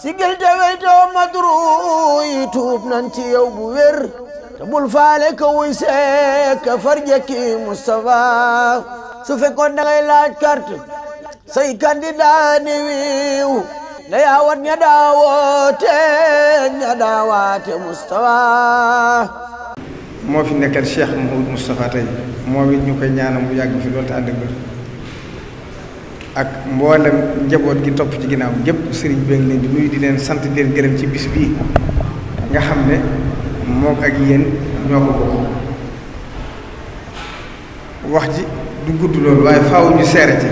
sigil te weytoo madru yi tuub nan ci bu wér te bul faale ka wuy seek ka farjëkki Moustapha su fekkoon da laaj carte say candidat ni wiiw na yaawat ña daawoote ña daawaate Moustapha moo fi nekkal Cheikh Mouhamadou Moustapha tey moo it ñu koy ñaanam bu yàgg fi loolu te ànd ak ak mboolem njaboot gi topp ci ginnaaw gépp sëriñ bi ngi leen di nuyu di leen sant di leen gërëm ci bis bi nga xam ne moom ak yéen ñoo ko bokk wax ji du gudd loolu waaye faaw ñu seere ci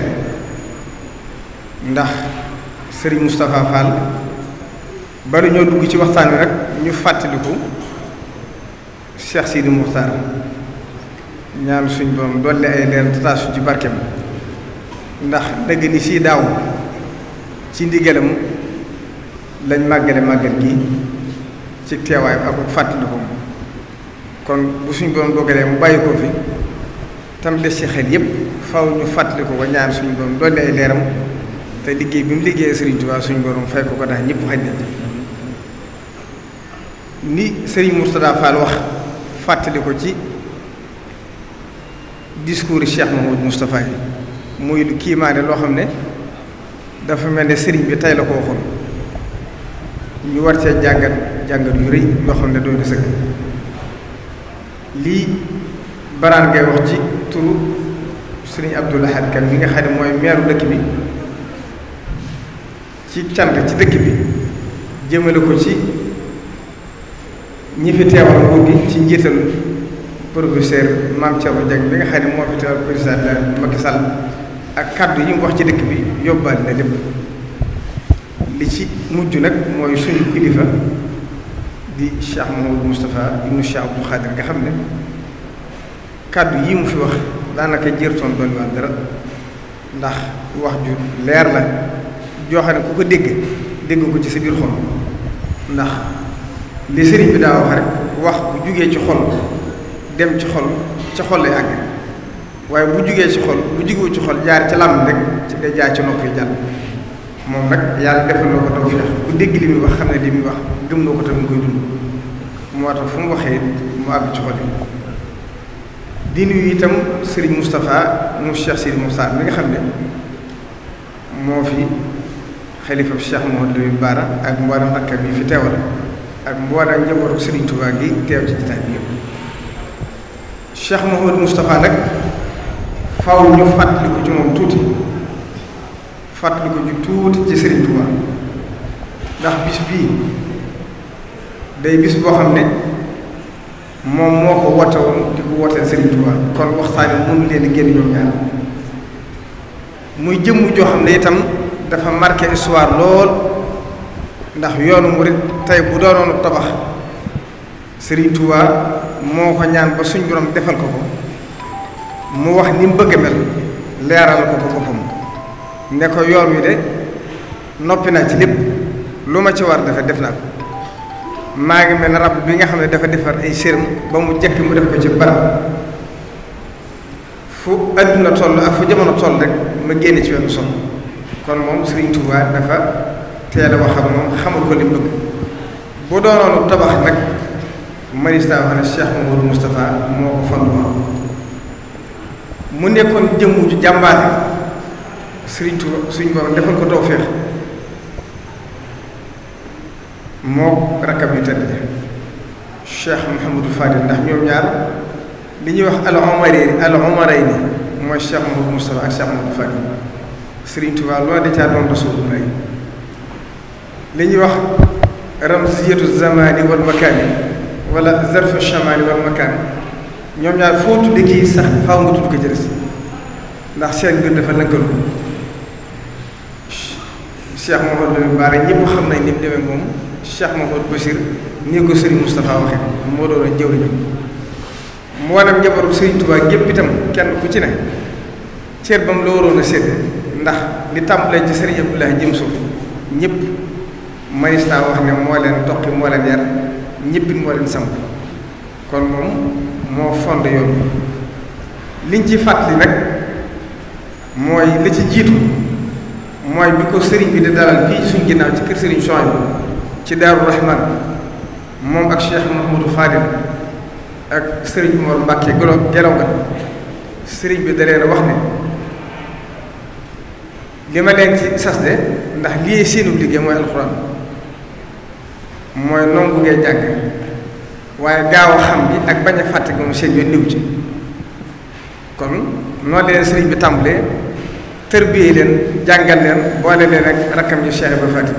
ndax sëriñ Moustapha Fall bari ñoo dugg ci waxtaan wi rek ñu fàttaliku Cheikh Sidi Moukhtar ñaan suñ bon dolli ay leer tataasu ci barkeem ndax dëgg ni fii daaw ci ndigalam lañ màggale màggal gi ci teewaay ak fàttaliku kon bu suñ borom dogalee mu bàyyi ko fi tam des ci xel yépp faw ñu fàttaliku ko ñaan suñu borom dolli ay leeram te liggéey bi mu liggéeyee sëriñ Touba suñu borom fay ko ko ndax ñëpp xaj nañ ni Serigne Mourtada wax fàttali ko ci discours Cheikh Mamadou Moustapha muy lu kiimaane loo xam ne dafa mel ne sëriñ bi tey la ko waxoon ñu war cee jàngat jàngat yu rëy yoo xam ne doo sëkk lii baraan ngay wax ci turu sëriñ Abdou Lahad kan mi nga xam ne mooy meeru dëkk bi ci cant ci dëkk bi jëmale ko ci ñi fi teewal nguur gi ci njiital professeur mam Thiaw Dieng bi nga xam ne moo fi teewal président Macky Sall ak kàddu yi mu wax ci dëkk bi yóbbaale na lépp li ci mujj nag mooy suñu kilifa di Cheikh Mamadou Moustapha ibnu Cheikh Abdou Khadir nga xam ne kàddu yi mu fi wax daanaka jërtoon doon waat dara ndax wax ju leer la joo ne ku ko dégg dégg ko ci sa biir xol ndax li sëriñ bi daa wax rek wax bu jugee ci xol dem ci xol ca xol lay àgg waaye bu jugee ci xol bu jugee ci xol jaar ci làmm rek ci day jaar ci nopp yi jàll moom nag yàlla defal na ko tawfeex ku dégg li muy wax xam ne li muy wax gëm na ko tamit koy dund moo tax fu mu waxee mu àgg ci xol yi di nuyu itam Serigne Moustapha mu Cheikh Sidi Moussa mi nga xam ne moo fi xalifa Cheikh Mouhamadou Lamine Bara ak mboolem rakkam bi fi teewal ak mboolem njabootu Serigne Touba gi teew ci jotaay bi yëpp Cheikh Mouhamadou Moustapha nag. faw ñu fàttaliku ci moom tuuti fàttaliku ci tuuti ci Serigne Touba ndax bis bii day bis boo xam ne moom moo ko woote woon di ko wooteel Serigne kon waxtaane mënu leen génn ñoom ñaar muy jëmm joo xam ne itam dafa marke histoire lool ndax yoonu murit tey bu doonoon tabax Serigne Touba moo ko ñaan ba suñ borom defal ko ko mu wax ni mu bëgg mel leeral ko ko boppam ne ko yoon wi de noppi naa ci lépp lu ma ci war dafa def naa ko maa ngi mel ne rab bi nga xam ne dafa defar ay sërëm ba mu jëkk mu def ko ci barab fu àdduna na ak fu jamono toll rek ma génne ci wenn son kon moom Serigne Touba dafa teel a wax ak moom xamal ko li mu bëgg bu doonoonu tabax nag marista wax ne Cheikh Mamadou Moustapha moo ko fond mu nekkoon jëmm ju jàmbaare sëriñ Tuuba suñ borom defal ko taw féex moo rakkab yu tëdd Cheikh Mouhamadou fadi ndax ñoom ñaar li ñuy wax al omari al omaray ni mooy Cheikh Mouhamadou Moustapha ak Cheikh Mouhamadou fadi sëriñ Tuuba loolu de caa doon rasulullah li ñuy wax ramziyatu zamani wal makani wala zarfu chamani wal makani ñoom ñaar foo tudde kii sax faaw nga tudd ko jërës ndax seen mbir dafa lëkkalu Cheikh Mouhamadou Bara xam nañ moom Cheikh Mouhamadou Bachir nii ko Serigne Moustapha waxe moo doon a jëwriñu mboolem njabootu Serigne Touba gépp itam kenn ku ci ne cër bam la waroon a sédd ndax li tàmbalee ci Serigne Abdoulaye jëm suuf ñëpp manistaa wax ne moo leen toqi moo leen yar ñëppit moo leen samp kon moom moo fond yoon yi liñ ci fàttali nag mooy li ci jiitu mooy bi ko sëriñ bi di dalal fii suñ ginnaaw ci kër sëriñ Souhaïbou ci Daaru Rahman moom ak Cheikh Mouhamadou Fadil ak sëriñ Mor Mbacke golo gelaw nga sëriñ bi da leen wax ne li ma leen ci sas de ndax lii seenu liggéey mooy alxuraan mooy noonu ngay jàng waaye gaaw a xam bi ak bañ a fàtte moom seen yoon niw ci kon noo leen sëriñ bi tàmbalee tërbiyee leen jàngal leen boole leen ak rakkam ji Cheikh Ibra Fati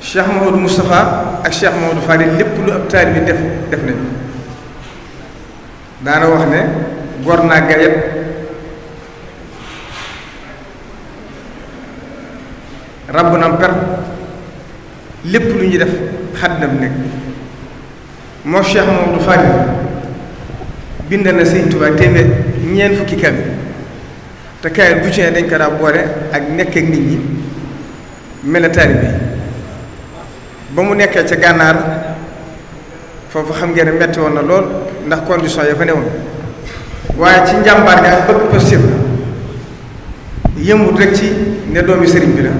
Cheikh Mamadou Moustapha ak Cheikh Mamadou Fadi lépp lu ab taal bi def def nañ daana wax ne gor naa gayet ràbb nam per lépp lu ñuy def xaddam nekk moo moom Mamadou Fari bind na Sëñ Tuubaa téeméer ñeent fukki te kayit bu ci ne dañ ko daa boole ak nekk ak nit ñi ba mu nekkee ca gànnaar foofu xam ngeen ne metti woon na lool ndax condition ya fa woon waaye ci njàmbaar ga ak bëgg positif la yëmut rek ci ne doomi sëriñ bi la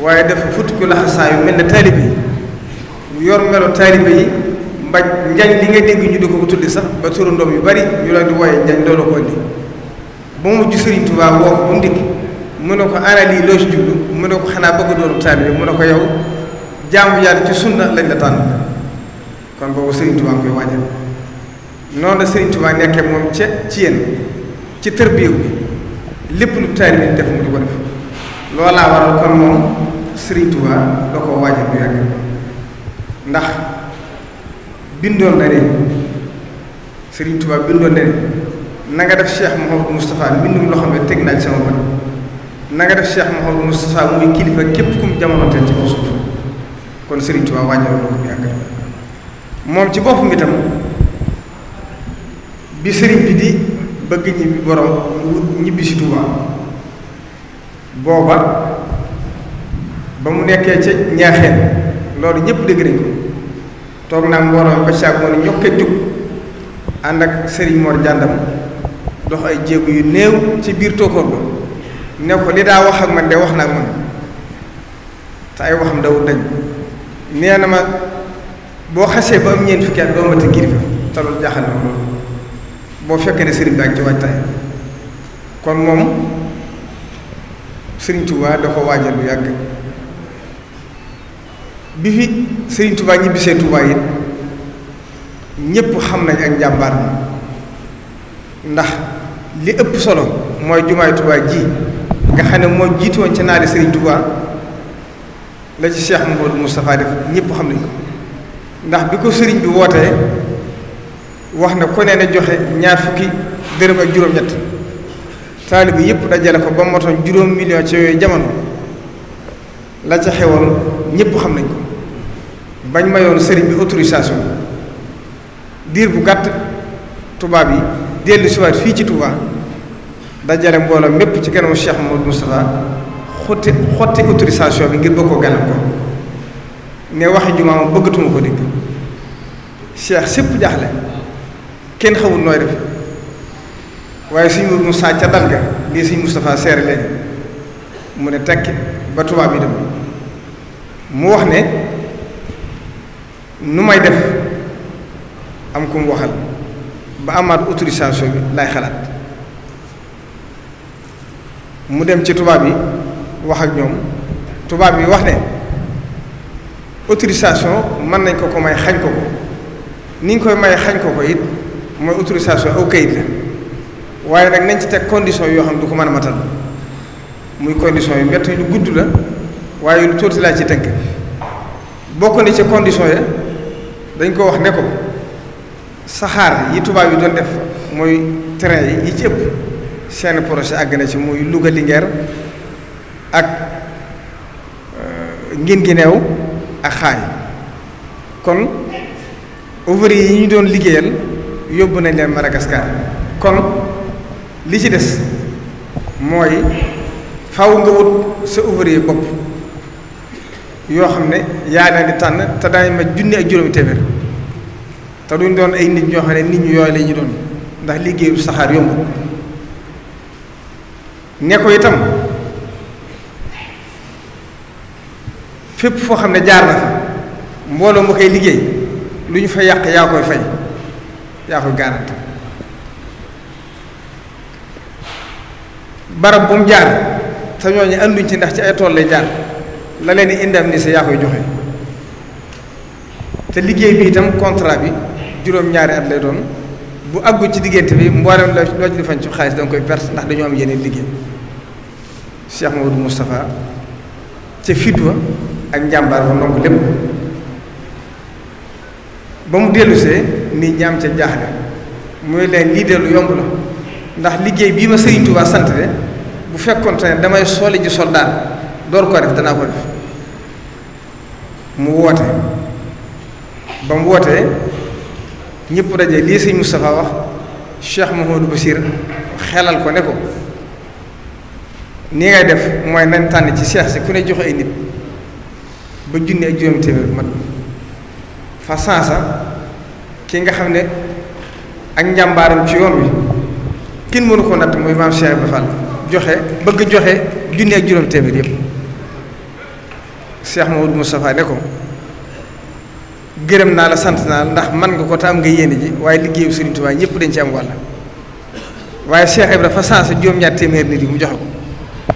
waaye dafa futti ku laxasaayu mel na taalibe yi yor melo taalibe yi ba njañ li ngay dégg ñu di ko tuddi sax ba turu ndoom yu bari ñu la di wooyee njañ loolu ko indi ba mu mujj Sëriñ Tuubaa woo ko bu ndikk mu ne ko ana lii loo ci jublu mu ne ko xanaa bëgg doon taalibe mu ne ko yow jaamu yàlla ci sunna lañ la tànn kon boobu Sëriñ Tuubaa koy waajal noonu la Sëriñ Tuubaa nekkee moom ca ci yéen ci tërbiyew bi lépp lu taalibe def mu di ko def loolaa waral kon moom Sëriñ Tuubaa da koo waajal bu yàgg ndax bindoon na ne Serigne Touba bindoon na ne na nga def Cheikh Mouhamadou Moustapha mbindum loo xam ne teg naa ci sama bët na nga def Cheikh Mouhamadou Moustapha muy kilifa képp kum jamono teel ci kaw suuf kon Serigne Touba wàññiwoon na ko bu yàgg moom ci boppam bi Serigne bi di bëgg ñibbi borom ñibbi si Touba booba ba mu nekkee ca ñaaxeen loolu ñëpp dëgg toog naa mbooloo ba caag moo ne ñokkee jug ànd ak Serigne Mor jàndam dox ay jéego yu néew ci biir tookoor ba ne li daa wax ak man de wax naa ak man te ay waxam dawul dañ nee na ma boo xasee ba am ñeent fukki at doo mate kilifa te loolu jaaxal na loolu boo fekkee ne Serigne baa ngi ci waajtaay kon moom Serigne Touba da ko waajal lu yàgg. bi fi sëriñ Touba ñibbisee Touba it ñépp xam nañ ak njàmbaar ndax li ëpp solo mooy jumaay tubaa ji nga xam ne moo jiitoon ca naali sëriñ Touba la ci Cheikh Mouhamadou Moustapha def ñépp xam nañu ko ndax bi ko sëriñ bi wootee wax na ko ne na joxe ñaar fukki dërëm ak juróom-ñett taalibe yépp dajale ko ba motoon juróom million ci yooyu jamono la ca xewoon ñépp xam nañ ko bañ mayoon serigne bi autorisation dir bu gàtt touba bi delu ci wat fi ci Touba dajale mbolo mépp ci kanamu Cheikh Mamadou mustafa xotti xotti autorisation bi ngir bako ko ganam ko ne waxi juma ma bëggatuma ko dégg Cheikh sépp jaxle ken xamul noy def waye suñ Mamadou mustafa ca dal ga lii suñ Moustapha seere léegi mu ne tekki ba touba bi dem mu wax ne numay def am kum waxal ba amat autorisation bi lay xalat mu dem ci tuba bi wax ak ñom tuba bi wax ne autorisation man nañ ko ko may xañ ko ko ni ngi koy may xañ ko ko it mooy autorisation aw kayit la waye nak nañ ci tek condition yo xam du ko mën matal muy condition yu métti lu gudd la waye lu tuuti la ci tek bokk ni ci condition ya dañ ko wax ne ko saxaar yi tubaab yi doon def mooy train yi ci ëpp seen projet àgg na ci muy Louga Linguère ak ngin gi neew ak xaay kon ouvrier yi ñu doon liggéeyal yóbbu nañ leen Madagascar kon li ci des mooy faw nga wut sa ouvrier bopp yoo xam ne yaa leen di tànn te daañu ma junne ak juróomi téeméer te duñ doon ay nit ñoo xam ne nit ñu yooyu la ñu doon ndax liggéeyu saxaar yomb ne ko itam fépp foo xam ne jaar na fa mbooloo mu koy liggéey lu ñu fa yàq yaa koy fay yaa koy garanti barab bu mu jaar te ñooñu anduñ ci ndax ci ay tool lay jaar. la leen di indemniser yaa koy joxe te liggéey bi itam contrat bi juróom-ñaari at lay doon bu àggu ci diggante bi mboolem loo loo ci defañ ci xaalis da koy perte ndax dañoo am yeneen liggéey Cheikh Mamadou Moustapha ca fit wa ak njàmbaar ba ndonk lépp ba mu dellusee nit ñi am ca jaaxle muy leen lii dellu yomb la ndax liggéey bii ma Sëriñ Tuubaa sant de bu fekkoon te ne damay soli ji soldaat دور كارف دنا كارف موتة بموتة نيبورة جي ليسي مصطفى شيخ محمد بشير خلال كونكو نيجا دف موين نتاني جي شيخ سكوني جوخ اي نيب بجوني جوم تيمير مات فاسان سا كينغا خامني ak njambaram ci yoon wi kin mënu ko nat muy mam cheikh bafal joxe bëgg joxe jooné ak juroom téwé yépp Cheikh Mamadou Moustapha ne ko gërëm naa la sant naa ndax man nga ko taam nga yéene ji waaye liggéeyu Serigne Touba ñëpp dañ ci am waaye Cheikh dafa sensé juróom-ñaar téeméer yi mu joxe ko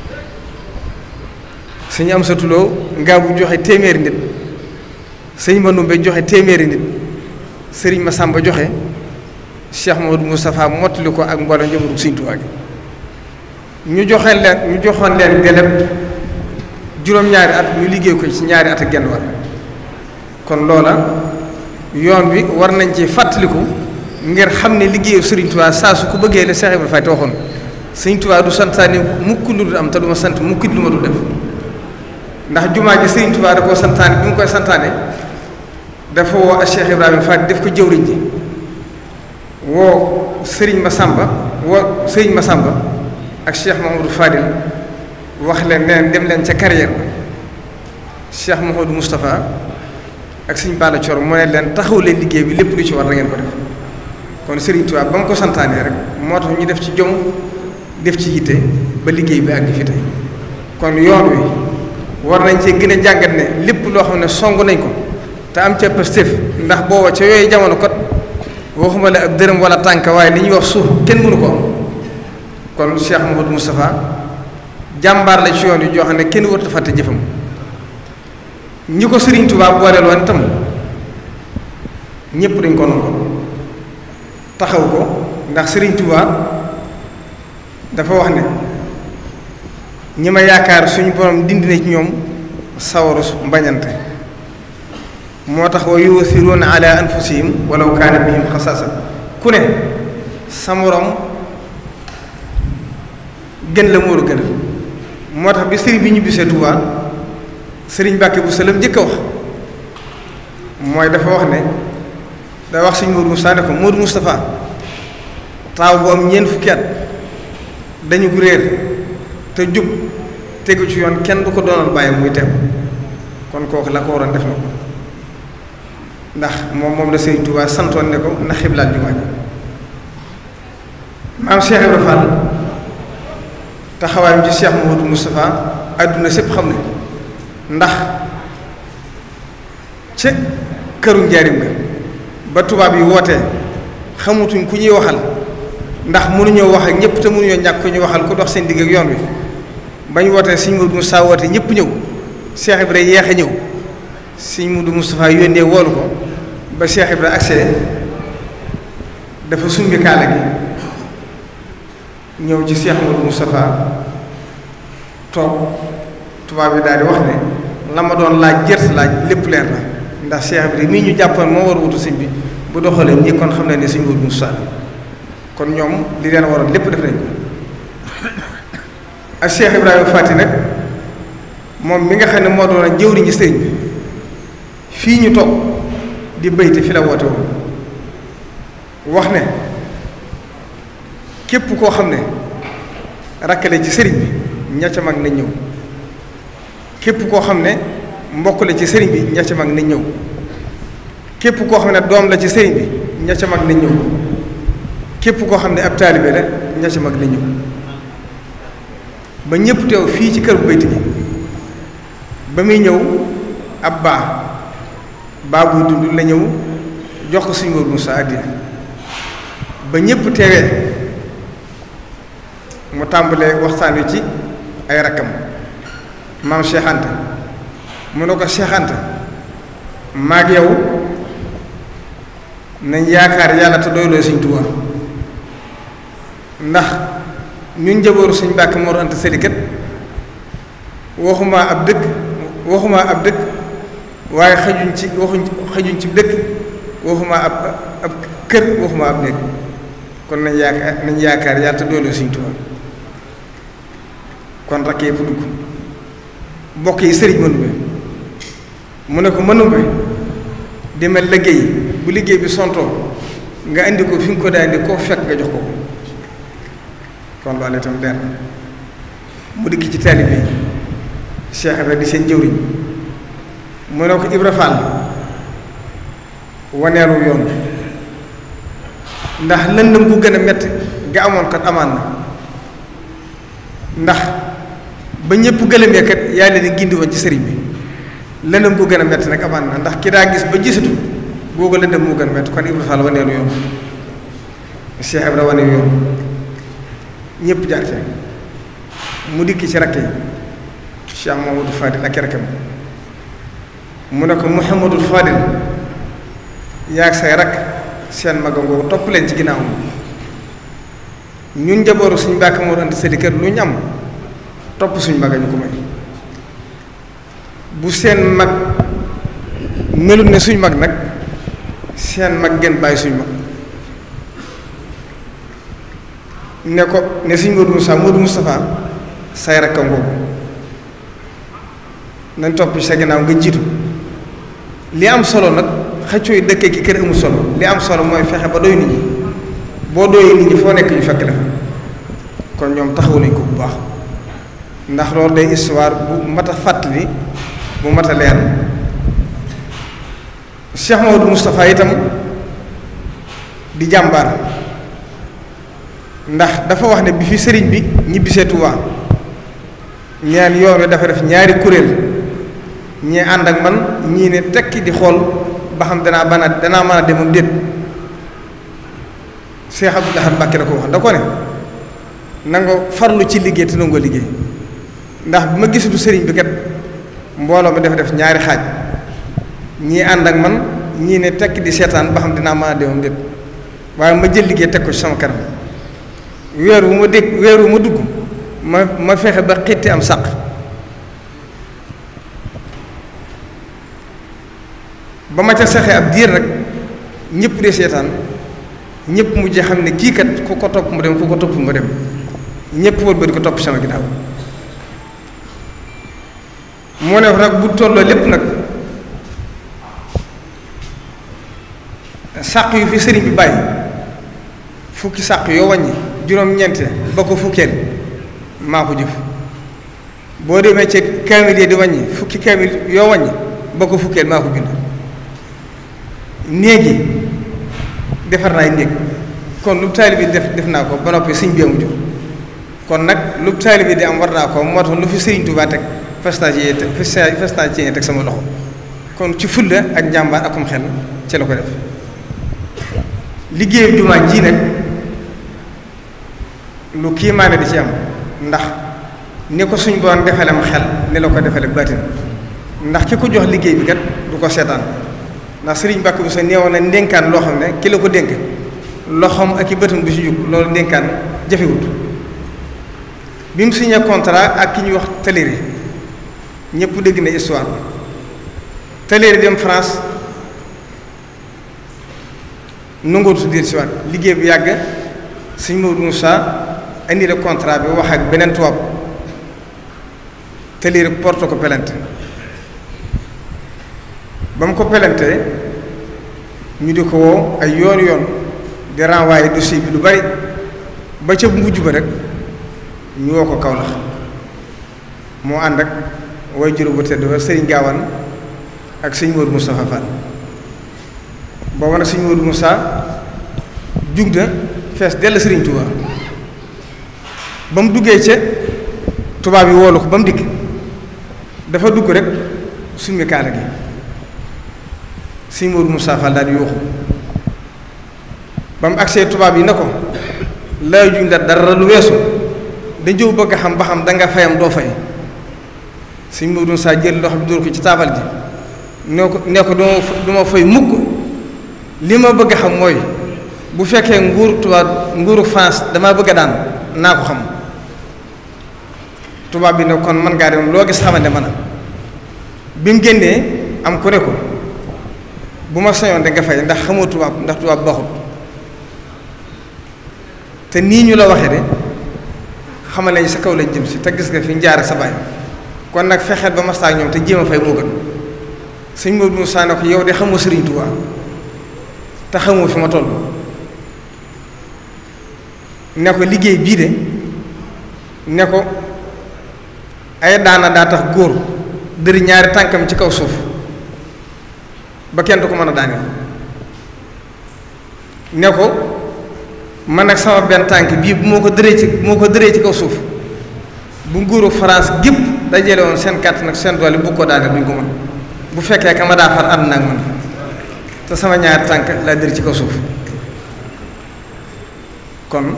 suñu joxe téeméeri nit sëñ Manoumbe joxe téeméeri nit sëriñ Massamba joxe Cheikh Mamadou Moustapha mottali ko ak mboolem njabootu Sëriñ Tuubaa gi ñu joxe leen ñu joxoon leen gëlëm juróom-ñaari at ñu liggéey ko ci ñaari at ak genn war kon loola yoon bi war nañ ci fàttaliku ngir xam ne liggéeyu Sëriñ Tuubaa saa su ku bëggee ne Seex Ibrahima Faati waxoon Sëriñ Tuubaa du santaane mukk lu am te du ma sant mukk lu ma du def ndax jumaa ji Sëriñ Tuubaa da koo santaane bi mu koy santaane dafa woo Cheikh Ibrahima Faati def ko jëwriñ ji woo Sëriñ Masamba woo Sëriñ Masamba ak Cheikh Mahamadou Fadil wax leen neen dem leen ca carrière ba Cheikh Mouhamadou Moustapha ak suñu Balla Cor mu ne leen taxaw leen liggéey bi lépp lu ci war na ngeen ko def kon Serigne Touba ba mu ko santaanee rek moo tax ñu def ci jom def ci yitte ba liggéey bi àgg fi tey kon yoon wi war nañ cee gën a jàngat ne lépp loo xam ne song nañ ko te am ca Pastef ndax booba ca yooyu jamono kot waxuma la ab dërëm wala tànk waaye li ñuy wax suuf kenn mënu ko am kon Cheikh Mouhamadou Moustapha. jàmbaar la ci yoon yu joo xam ne kenn warut a fàtte jëfam ñi ko Sëriñ Tuubaa booleel woon itam ñëpp dañ ko nangu taxaw ko ndax Sëriñ Tuubaa dafa wax ne ñi ma yaakaar suñu borom dindi na ci ñoom sawaru mbañante moo tax wa yuuthiruuna ala anfusihim walaw kaana bihim xasaasa ku ne sa morom gën la moolu gënal moo tax bi sëriñ bi ñu bisee Touba sëriñ Mbàkke bu sëlam njëkk wax mooy dafa wax ne da wax suñ Modou Moustapha ne ko Modou Moustapha taaw bu am ñeent fukki at dañu ko réer te jub tegu ci yoon kenn du ko doonoon bàyyi muy teew kon kooku la ko waroon def na ko ndax moom moom la sëriñ Touba santoon ne ko na xiblaat bi ji maam taxawaayam ci Cheikh Mouhamadou Moustapha àdduna sépp xam nañ ndax ca këru njaarim ga ba tubaab yi woote xamutuñ ku ñuy waxal ndax mënuñoo wax ak ñëpp te mënuñoo ñàkk ku ñuy waxal ku dox seen digg ak yoon wi bañ wootee sëñ Modou Moustapha woote ñëpp ñëw Cheikh Ibra yeex a ñëw sëñ Modou Moustapha yónnee woolu ko ba Cheikh Ibra accès dafa sumbi kaala gi ñëw ci Cheikh Modou Moustapha toog tubaab bi daal di wax ne la ma doon laaj jërs laaj lépp leer na ndax Cheikh bi mii ñu jàppoon moo war wutu sëñ bu doxalee ñi kon xam ne ne sëñ Modou Moustapha kon ñoom li leen waroon lépp def nañ ak ak Cheikh Ibrahima Fati nag moom mi nga xam ne moo doon a jëwriñu sëriñ bi fii ñu toog di béy te fi la woote wax ne képp koo xam ne rakkale ci sëriñ bi ña ca mag nañ ñëw képp koo xam ne mbokk la ci sëriñ bi ña ca mag nañ ñëw képp koo xam ne doom la ci sëriñ bi ña ca mag nañ képp koo xam ne ab taalibe la ña ca mag nañ ba ñëpp teew fii ci kër bu bayti bi ba muy ñëw ab baa baa buy dund la ñëw jox ko suñu wóor Moussa àddina ba ñëpp teewee tàmbalee waxtaan wi ci ay rakkam maam Cheikh Anta mu ne ko Cheikh maag yow nañ yaakaar yàlla te doyloo Sëñ Tuubaa ndax ñu njabooru Sëñ Mbàkke Mor Anta Sali kat ab dëkk ab dëkk waaye xajuñ ci waxuñ xajuñ ci dëkk waxuma ab ab kër waxuma ab néeg kon nañ yaakaar nañ yaakaar yàlla te doyloo Sëñ Tuubaa kon rakk yëpp dugg mbokk yi sëriñ mënumbe mu ne ko mënumbe demal liggéey bu liggéey bi sontoo nga indi ko fi nga ko daan di koo fekk nga jox ko kon loolu itam leer mu dikk ci taalibe yi Cheikh di seen jëwriñ mu ne ko Ibra la waneeru yoon ndax lëndëm bu gën a metti nga amoon kat amaan na ndax ba ñëpp gëlëm ya kat yaa leen gindi ci sëriñ bi lëndëm koo gën a métti nag amaan na ndax ki daa gis ba gisatu googu lëndëm moo gën a métti kon Ibra Fall waneenu yoon Cheikh Ibra waneenu yoon mu dikk rakk yi Cheikh Mamadou Fadil ak ko Mouhamadou Fadil yaag say rakk seen magangoo topp leen ci ginnaawam ñun njabooru suñu bàkk moo andi seen kër lu ñu am. topp suñ mag ñu ko may bu seen mag melut ne suñ mag nag seen mag ngeen bàyyi suñ mag ne ko ne suñ Modou Moussa Modou Moustapha say rakkam boobu nañ topp sa ginnaaw nga jiitu li am solo nag xëccoo yi dëkkee ki kër amul solo li am solo mooy fexe ba doy nit ñi boo doyee nit ñi foo nekk ñu fekk la kon ñoom taxawu nañ ko bu baax ndax loolu day histoire bu mat a fàttali bu mat a leer Cheikh Maodo Moustapha itam di jàmbaar ndax dafa wax ne bi fi sëriñ bi ñibbisee Tuubaa ñaan yoon wi dafa def ñaari kuréel ñii ànd ak man ñii ne tekki di xool ba xam danaa bana danaa mën a demoon déet Cheikh Abdou Lahad Mbacké la ko wax da ko ne na nga farlu ci liggéey te nangoo liggéey ndax bima ma gisatu sëriñ bi kat mbooloo mi def def ñaari xaaj ñii ànd ak man ñii ne tekk di seetaan ba xam dinaa mën a déwam déet ma jël liggéey teg ko sama kanam weer wu ma dégg weer dugg ma ma fexe ba xitti am sàq ba ma ca saxee ab diir nag ñëpp di seetaan ñëpp mujj xam ne kii kat ku ko topp mu dem ku ko topp mu dem ñëpp wër ba di ko topp sama ginnaaw moo ne nag bu tolloo lépp nag sàq yu fi sëriñ bi bàyyi fukki sàq yoo wàññi juróom-ñeent ba ko fukkeel maa ko jëf boo demee ci kaamil yi di wàññi fukki kaamil yoo wàññi ba ko fukkeel maa ko bind néegi defar naay néeg kon lu taalibe bi def def naa ko ba noppi sëñ bi mu kon nag lu taalibe bi di am war naa ko moo tax lu fi sëriñ Tuubaa fas naa ci fas naa ci teg sama loxo kon ci fulla ak njàmbaar akum xel ci la ko def liggéeyu jumaa ji nag lu kiimaane di ci am ndax ni ko suñ boon defalem xel ni la ko defale baatin ndax ki ko jox liggéey bi kat du ko seetaan ndax sëriñ Mbàkke bu sa neewoon na ne ki la dénk loxoom ak i bu si jug loolu ndénkaan jafewut bi signé contrat ak ki ñuy wax tëlëri ñëpp dégg na histoire bi te dem France nangootu dir si liggéey bi yàgg sëñ Maodo Moussa indi la contrat bi wax ak beneen tubaab te léegi porte ko pelante ba mu ko pelantee ñu di ko woo ay yoon yoon di renvoyé dossier bi lu bari ba ca mujj ba rek ñu woo ko Kaolack moo ànd ak way juru wa tedd ba sëriñ Gaawaan ak sëñ Modou Moustapha Fall sëñ Modou Moustapha jug na fees dell sëriñ Touba ba mu duggee ca tubaab yi woolu ko ba mu dikk dafa dugg rek summi kaala gi sëñ Modou Moustapha Fall daal yuuxu ba mu agsee tubaab yi ne ko lay juñ la dara lu weesu dañu bëgg xam ba xam danga fayam doo fay sëñ Modou Moussa jël loxo bi dóor ko ci taabal ji ne ko ne ko duma duma fay mukk li ma bëgg xam mooy bu fekkee nguur tubaab nguuru France damaa bëgg a daan naa ko xam tubaab bi ne kon man ngaa dem loo gis xamante ma na bi mu génnee am ku ne bu ma soñoon da nga fay ndax xamoo tubaab ndax tubaab baaxut te nii ñu la waxee de xamal lañ sa kaw la jëm si te gis nga fi njaare sa baay kon nak fexel ba massa ñom te jema fay mo gën sëñ mo dou sa nak yow de xamu serigne touba ta xamu fi ma toll ne ko liggey bi de ne ko ay daana da tax góor deur ñaari tànkam ci kaw suuf ba kenn du ko mën a ne ko man ak sama ben tànk bi bu moo ko ci moko deure ci kaw suuf bu nguuru France gep dajale won sen carte nak sen doole bu ko daaneel duñ ko mën bu fekke ka ma daa far ànd naag man te sama ñaar tank la dir ci ko suuf kon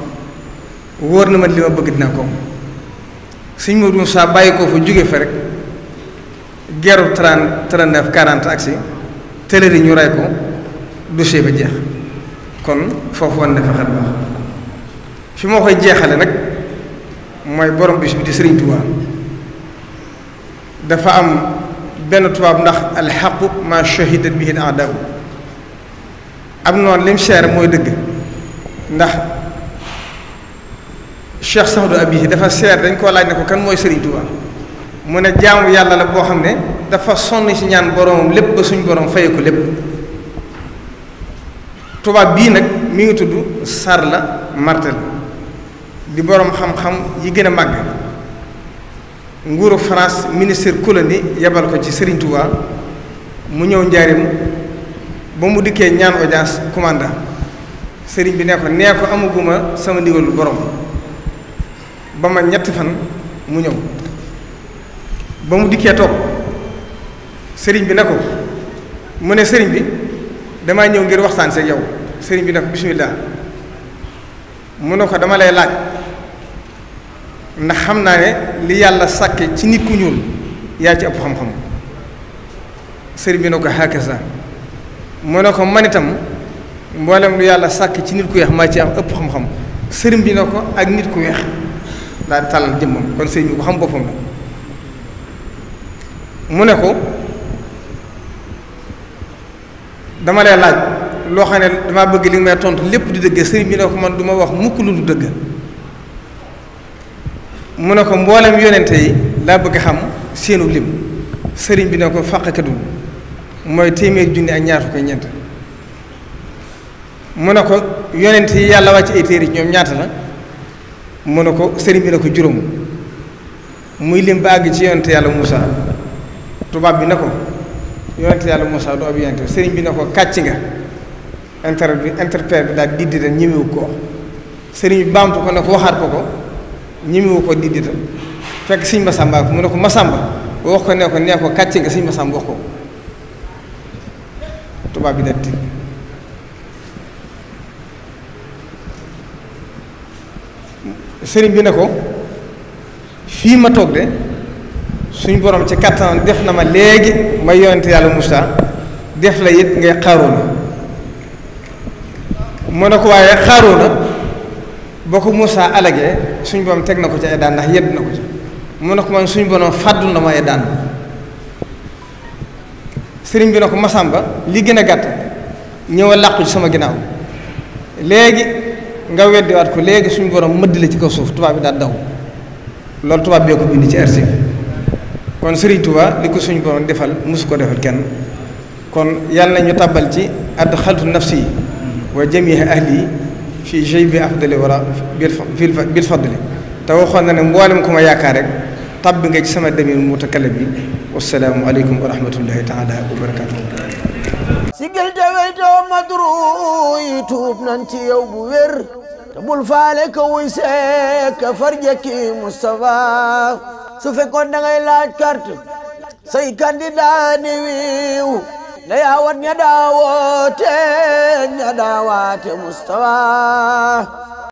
wóor na ma lima bëgg dina ko suñ ma dum saa bàyyi ko fa fa rek geru 30 39 40 aksi si tëlëri ñu ray ko dossier ba jeex kon fofu won na fa xel ba fi mo koy jeexale nak mooy borom bis bi di sëriñ Touba dafa am benn tubaab ndax alxaqu ma shahidat bihi al-a'daa am noonu lim seer mooy dëgg ndax Cheikh Sahdou Abihi dafa seer dañ koo laaj ne ko kan mooy sëriñ Touba mu ne jaamu yàlla la boo xam ne dafa sonn ci ñaan boromam lépp ba suñ borom faye ko lépp tubaab bii nag mi ngi tudd Sarla Martel. di boroom xam-xam yi gën a màgg nguuru France ministre Coulani yebal ko ci Serigne Touba mu ñëw njaarim ba mu dikkee ñaan audience commandant Serigne bi ne ko nee ko amaguma sama ndigalu boroom ba ma ñetti fan mu ñëw ba mu dikkee toog sëriñ bi ne ko mu ne sëriñ bi damaa ñëw ngir waxtaan seeg yow sëriñ bi ne ko bismillah mu ne ko dama lay laaj. ndax xam naa ne li yàlla sàkke ci nit ku ñuul yaa ci ëpp xam-xam sëriñ bi ne ko xaakasa mu ne ko man itam mboolem lu yàlla sàkk ci nit ku weex maa ci am ëpp xam-xam sëriñ bi ne ko ak nit ku weex daal tàllal jëmmam kon sëriñ bi ko xam boppam la mu ne ko dama lay laaj loo xam ne damaa bëgg li may tontu lépp di dëgg sëriñ bi ne ko man duma wax mukk lu du dëgg mu ne ko mboolem yonente yi laa bëgg a xam seenu lim sëriñ bi na ko fàqakadul mooy téeméer junni ak ñaar fukk ak ñeent mu ne ko yonente yi yàlla wàcc ay téere ñoom ñaata la mu ne ko sëriñ bi ne ko juróom muy lim ba àgg ci yonente yàlla Moussa tubaab bi ne ko yonente yàlla Moussa du ab yonente sëriñ bi ne ko kàcc nga inter bi interprète bi daal diddi da ñemewu ko sëriñ bi baamtu ko ne ko waxaat ko ko ñemewu ko di dital siñ sëñ Masamba mu ne ko Masamba wax ko ne ko nee ko kàcce nga sëñ Masamba wax ko tubaab bi datti sëriñ bi ne ko fii ma toog de suñ borom ci kattan def na ma léegi ma yonent yàlla Moussa def la it ngay xaaroona mu ne ko waaye xaaroona boo ko Moussa alagee suñu borom teg na ko ci ay daan ndax yedd na ko ci mu ne ko man suñ borom fàddul na ma ay daan sëriñ bi na ko Masamba li gën a gàtt ñëw a làqu ci sama ginnaaw léegi nga weddiwaat ko léegi suñ borom mëdd la ci ko suuf tubaab bi daal daw loolu tubaab bee ko bind ci arsi kon sëriñ Tuubaa li ko suñ borom defal mosu ko defal kenn kon yàlla na ñu tàbbal ci add xaltu nafsi wa jamiha ahli fii jëy bi afdali wala bil bil fadli te waxoon na ne mboolem ku ma yaakaar rek tabbi nga ci sama demir mutakallim bi wasalaamu aleykum wa rahmatullahi taala wa barakatuhu sigil te weytoo madru yi tuub nan ci yow bu wér te bul faale ko wuy seek farjëkki Moustapha su fekkoon da ngay laaj carte say candidat ni wiiw na yawat ña daawote eh, ña daawaate eh, mustawa